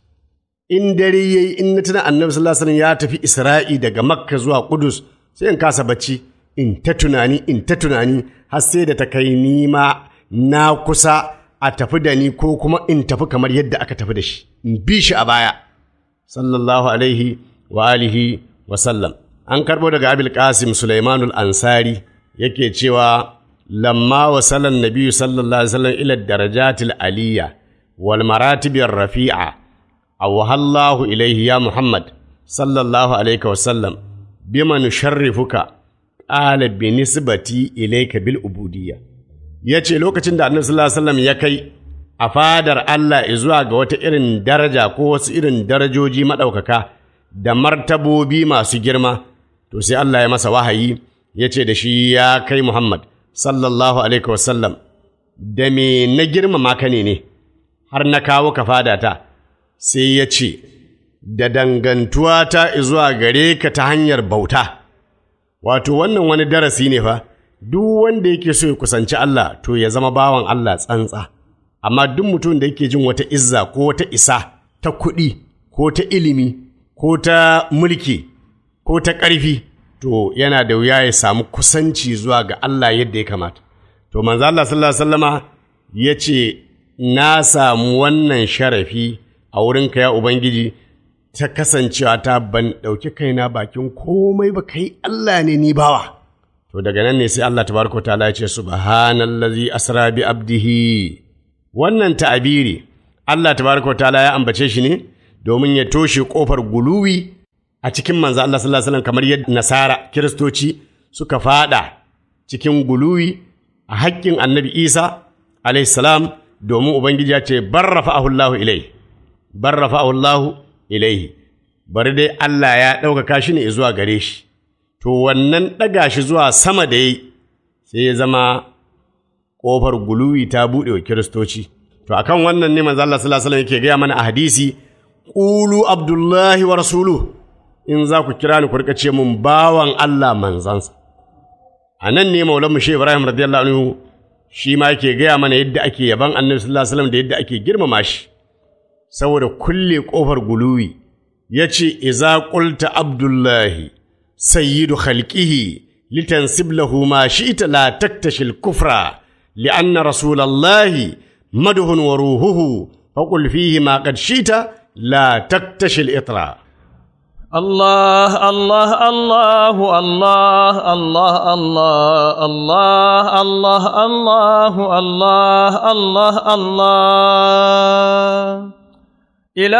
in dare yi in na tuna annabi sallallahu alaihi wasallam ya tafi isra'i daga makka zuwa kudus sai in kasa bacci in ta tunani in ta tunani har sai da ta kai nima na kusa a tafi da ni ko kuma in tafi kamar yadda aka tafi da shi in bi shi a baya sallallahu alaihi wa alihi wa sallam an karbo daga abil qasim sulaimanul ansari yake cewa lamma wasala nabiyu sallallahu alaihi wasallam ila darajatil aliyya wal maratibir rafi'a awhallahu ilaihi ya Muhammad sallallahu alaihi wasallam bima nusharrifuka ala bi nisbati ilayka bil ubudiyya yace lokacin da Annabi sallallahu alaihi wasallam ya kai a fadar Allah izuwa ga wata irin daraja ko wasu irin darajoji maɗaukaka da martabobi masu girma to sai Allah ya masa wahayi yace da shi ya kai Muhammad sallallahu alaihi wasallam da me na girmama ka ne ne har na kawo ka fadata sai ya ce, Da dangantuwa ta zuwa gare ka ta hanyar bauta, wato wannan wani darasi ne fa, duk wanda yake so ya kusanci Allah to ya zama bawan Allah tsantsa, amma duk mutum da yake jin wata izza ko wata isa ta kuɗi ko ta ilimi ko ta mulki ko ta ƙarfi, to yana da wuya ya samu kusanci zuwa ga Allah yadda ya kamata. To manzo Allah sallallahu alaihi wasallama ya ce, Na samu wannan sharafi a wurinka ya Ubangiji ta kasancewa ta ban ɗauki kaina bakin komai ba kai Allah ne ni bawa. To daga nan ne sai Allah tabaraka ta'ala ya ce subhanallazi asra bi abdihi wannan ta'abiri Allah tabaraka ta ya ambace shi ne domin ya toshe kofar guluwi a cikin manzo Allah sallallahu alaihi kamar yadda Nasara Kiristoci suka fada cikin guluwi a haƙƙin Annabi Isa alaihi salam domin Ubangiji ya ce barrafa a hullahu ilai bar rafa'ahu Allahu ilaihi bari dai Allah ya ɗaukaka shi ne zuwa gare shi to wannan ɗaga shi zuwa sama da yi sai ya zama ƙofar guluwi ta buɗe wa kiristoci to akan wannan ne manzo Allah sallallahu alaihi yake gaya mana a hadisi qulu abdullahi wa rasulu in za ku kira ni ku rika ce mun bawan Allah manzansa a nan ne mu shehu Ibrahim radiyallahu anhu shi ma yake gaya mana yadda ake yaban annabi sallallahu alaihi da yadda ake girmama shi saboda kulle ƙofar guluwi ya ce iza ƙulta abdullahi sayyidu khalqihi litan siblahu ma shi'ta la taktashil kufra li'anna rasulallahi maduhun wa ruhuhu faqul fihi ma qad shi'ta la taktashil itra الله الله الله الله الله الله الله الله الله الله الله الله إلى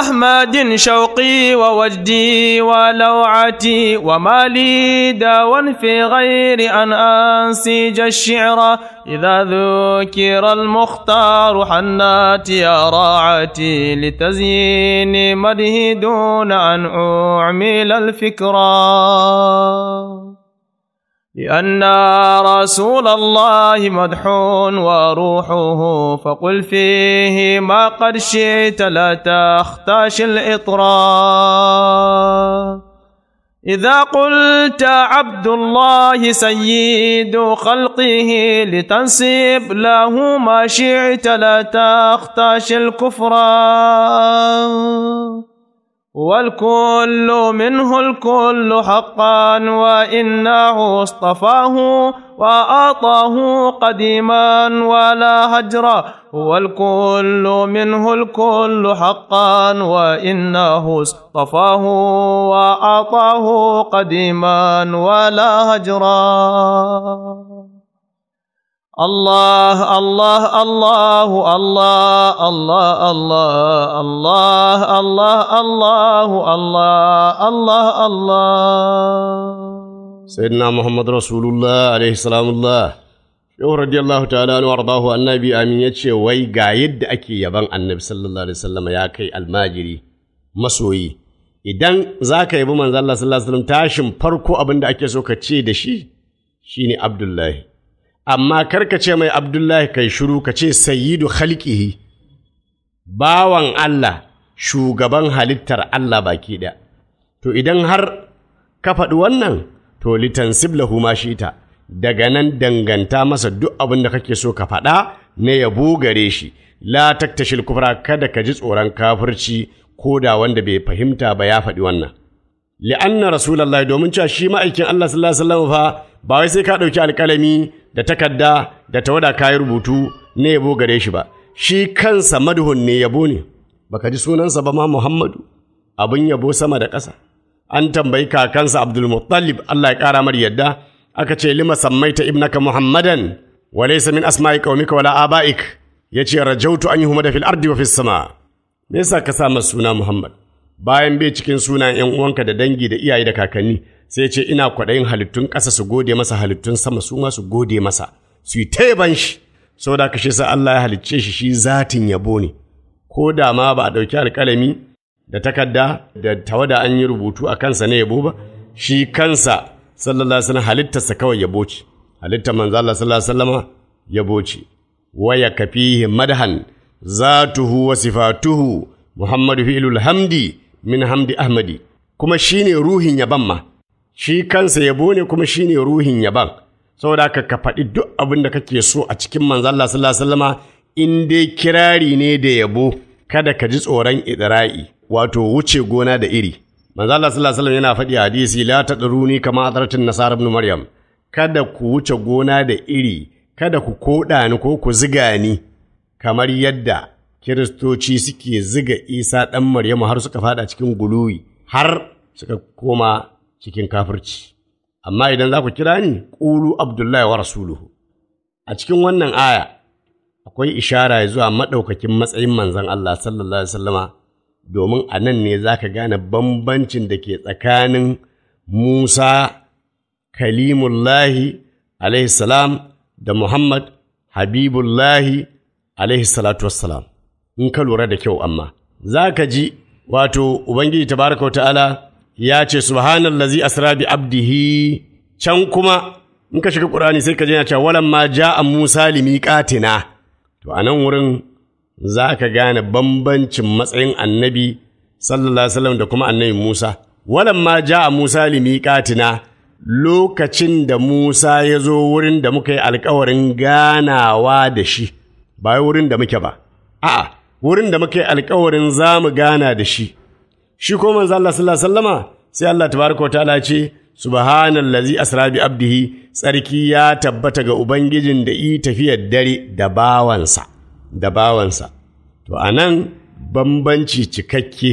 أحمد شوقي ووجدي ولوعتي وما لي داو في غير أن أنسج الشعر إذا ذكر المختار حناتي راعتي لتزيين مده دون أن أعمل الفكرة لأن رسول الله مدحون وروحه فقل فيه ما قد شئت لا تختاش الإطراء إذا قلت عبد الله سيد خلقه لتنصب له ما شئت لا تختاش الكفران والكل منه الكل حقا وإنه اصطفاه وأعطاه قديما ولا هجرا والكل منه الكل حقا وإنه اصطفاه وأعطاه قديما ولا هجرا الله الله الله الله الله الله الله الله الله الله الله الله سيدنا محمد رسول الله عليه السلام الله yau radiyallahu ta'ala wa ardahu annabi amin ya ce wai ga yadda ake yaban annabi sallallahu alaihi wasallam ya kai almajiri masoyi idan za ka yabi manzo Allah sallallahu alaihi wasallam tashin farko abin da ake so ka ce da shi shine abdullahi amma karka ce mai abdullahi kai shuru ka ce sayyidu halkihi bawan Allah shugaban halittar Allah baki ɗaya to idan har ka faɗi wannan to litansib lahu shi ta daga nan danganta masa duk abin da kake so ka faɗa na yabo gare shi la taktashil kufra kada ka ji tsoron kafirci ko da wanda bai fahimta ba ya faɗi wannan li'anna rasulullahi domin cewa shi ma'aikin Allah sallallahu alaihi wasallam fa ba wai sai ka ɗauki alƙalami da takarda da ta tawada kayi rubutu ne yabo gare shi ba shi kansa maduhun ne yabo ne baka ji sunansa ba ma Muhammadu abin yabo sama da ƙasa an tambayi kakansa Abdul Muttalib Allah ya ƙara mar yadda aka ce lima sammai ta ibnaka Muhammadan wa laysa min asma'i qaumika wala aba'ik ce rajautu an da fil ardi wa fis sama me yasa ka sa masa suna Muhammad bayan bai cikin sunan 'yan uwanka da dangi da iyaye da kakanni sai ce ina kwaɗayin halittun ƙasa su gode masa halittun sama su ma su gode masa su yi taiban shi sau da kashe sa Allah ya halicce shi shi zatin yabo ne ko da ma ba a ɗauki alƙalami da takarda da tawada an yi rubutu a kansa na yabo ba shi kansa sallallahu alaihi halittarsa kawai yabo ce halittar manzo sallallahu alaihi yabo ce waya kafihi madhan zatuhu wa sifatuhu muhammadu fi'lul hamdi min hamdi ahmadi kuma shine ruhin yaban ma shi kansa yabo ne kuma shi ne ruhin yaban saboda haka ka faɗi duk abin da kake so a cikin manzan Allah sallallahu alaihi in dai kirari ne da yabo kada ka ji tsoron idra'i wato wuce gona da iri manzan Allah sallallahu alaihi yana faɗi hadisi la tadruni kama adratin nasara ibn maryam kada ku wuce gona da iri kada ku koɗa ni ko ku ziga ni kamar yadda kiristoci suke ziga Isa ɗan maryam har suka fada cikin guluwi har suka koma cikin kafirci amma idan za ku kira ni ƙulu abdullahi wa rasuluhu a cikin wannan aya akwai ishara zuwa maɗaukakin matsayin manzan Allah sallallahu alaihi wasallama domin a nan ne za ka gane bambancin da ke tsakanin Musa kalimullahi alaihi salam da Muhammad habibullahi alaihi salatu wassalam in ka lura da kyau amma za ka ji wato Ubangiji tabaraka ta'ala ya ce lazi asra bi abdihi can kuma in ka shiga Qur'ani sai ka cewa walan ma ja a Musa limi katina to a nan wurin za ka gane bambancin matsayin annabi sallallahu alaihi wasallam da kuma annabi Musa ma ja a Musa limi katina lokacin da Musa ya zo wurin da muka yi alkawarin ganawa da shi ba wurin da muke ba a'a wurin da muka yi alkawarin za mu gana da shi shi ko manzo Allah sallallahu alaihi wasallama sai Allah tabaraka ta'ala ce subhanallazi asra bi abdihi tsarki ya tabbata ga ubangijin da yi tafiyar dare da bawansa da bawansa to anan bambanci cikakke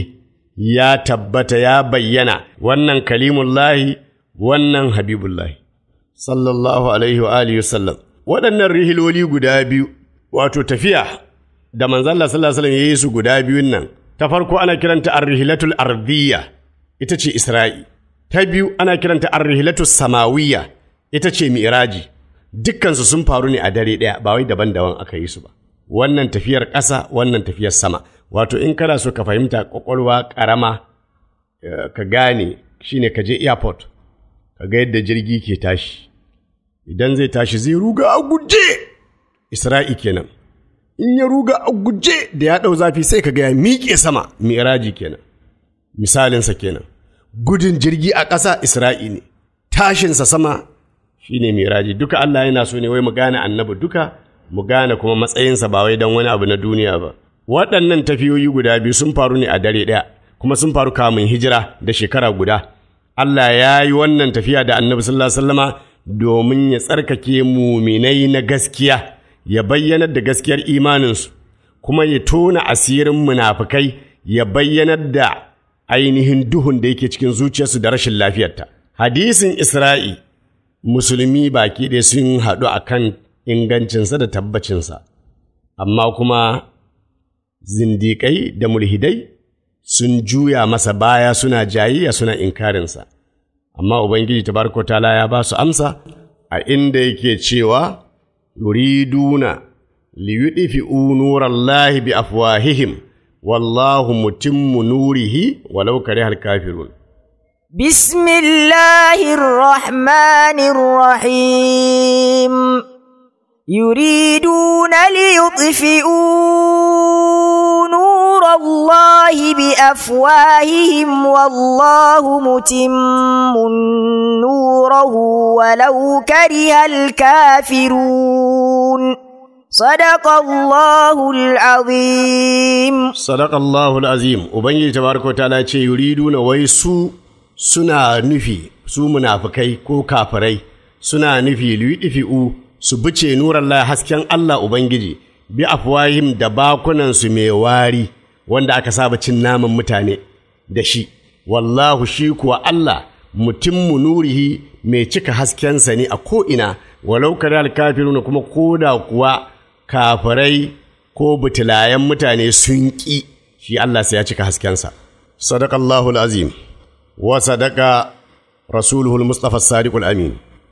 ya tabbata ya bayyana wannan kalimullahi wannan habibullahi sallallahu alaihi wa alihi wasallam waɗannan rihiloli guda biyu wato tafiya da manzon Allah sallallahu alaihi wasallam yayi su guda biyun nan ta farko ana kiranta arrihilatul ardiyya ita ce isra'i ta biyu ana kiranta arrihilatul samawiya ita ce mi'raji dukkansu sun faru ne a dare ɗaya ba wai daban-daban aka yi su ba wannan tafiyar ƙasa wannan tafiyar sama wato in kana so ka fahimta ƙwaƙwalwa ƙarama eh, ka gane shine ka je airport ka ga yadda jirgi ke tashi idan zai tashi zai ruga a guje isra'i kenan in ya ruga a guje da ya ɗau zafi sai ka gaya ya miƙe sama mi'raji kenan misalinsa kenan gudun jirgi a ƙasa isra'ili tashinsa sama shine miraji duka Allah yana so ne wai mu gane annabi duka mu gane kuma matsayinsa ba wai don wani abu na duniya ba waɗannan tafiyoyi guda biyu sun faru ne a dare ɗaya kuma sun faru kamun hijira da shekara guda Allah ya yi wannan tafiya da annabi sallallahu alaihi domin ya tsarkake muminai na gaskiya ya bayyanar da gaskiyar imaninsu kuma ya tona asirin munafukai ya bayyanar da ainihin duhun da yake cikin zuciyarsu da rashin lafiyarta hadisin isra'i musulmi baki ɗaya sun haɗu a kan ingancinsa da tabbacinsa amma kuma zindiƙai da mulhidai sun juya masa baya suna jayayya suna inkarinsa amma ubangiji ta ta'ala ya ba su amsa a inda yake cewa يريدون ليطفئوا نور الله بأفواههم والله متم نوره ولو كره الكافرون بسم الله الرحمن الرحيم يريدون ليطفئوا نور الله بأفواههم والله متم نوره ولو كره الكافرون صدق الله العظيم صدق الله العظيم وبنجي تبارك وتعالى يريدون ويسو سنا نفي su munafukai ko kafirai suna nufi liɗifi'u su bice nuran hasken Allah Ubangiji bi afwahim da bakunansu mai wari wanda aka saba cin naman mutane da shi wallahu shi kuwa Allah mutum nurihi mai cika haskensa ne a ko'ina walau kada alkafiruna kuma koda kuwa kafirai ko butulayen mutane sun ƙi shi Allah sai ya cika haskensa sadakallahu alazim wa sadaka rasuluhul mustafa sadiqul amin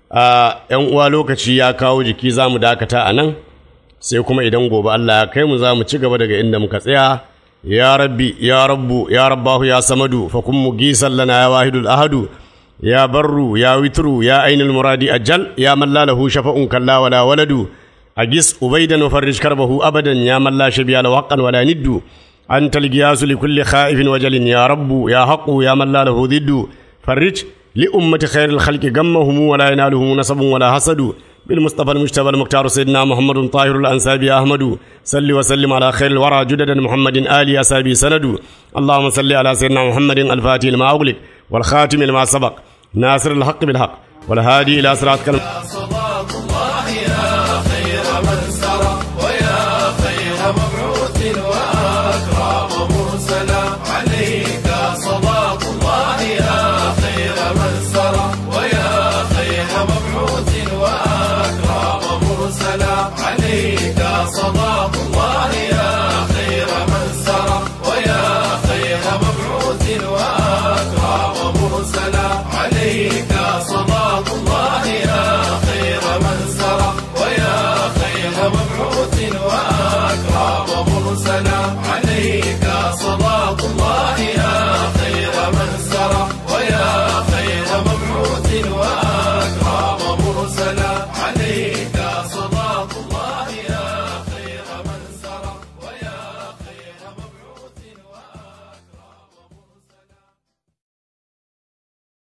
a yan uwa lokaci ya kawo jiki za mu dakata a nan sai kuma idan gobe Allah ya kai mu za mu ci gaba daga inda muka tsaya يا ربي يا رب يا رباه يا سمدو فكم مجيسا لنا يا واحد الأحد يا بر يا وتر يا أين المراد أجل يا من لا له شفاء كلا ولا ولد أجس أبيدا وفرج كربه أبدا يا من لا شبي له حقا ولا ند أنت القياس لكل خائف وجل يا رب يا حق يا من لا له ضد فرج لأمة خير الخلق قمهم ولا ينالهم نصب ولا حسد بالمصطفى المجتبى المختار سيدنا محمد طاهر الأنسابي أحمد صل وسلم على خير الورى جدد محمد آل أسابي سند اللهم صل على سيدنا محمد الفاتح لما أغلق والخاتم لما سبق ناصر الحق بالحق والهادي إلى صراطك المستقيم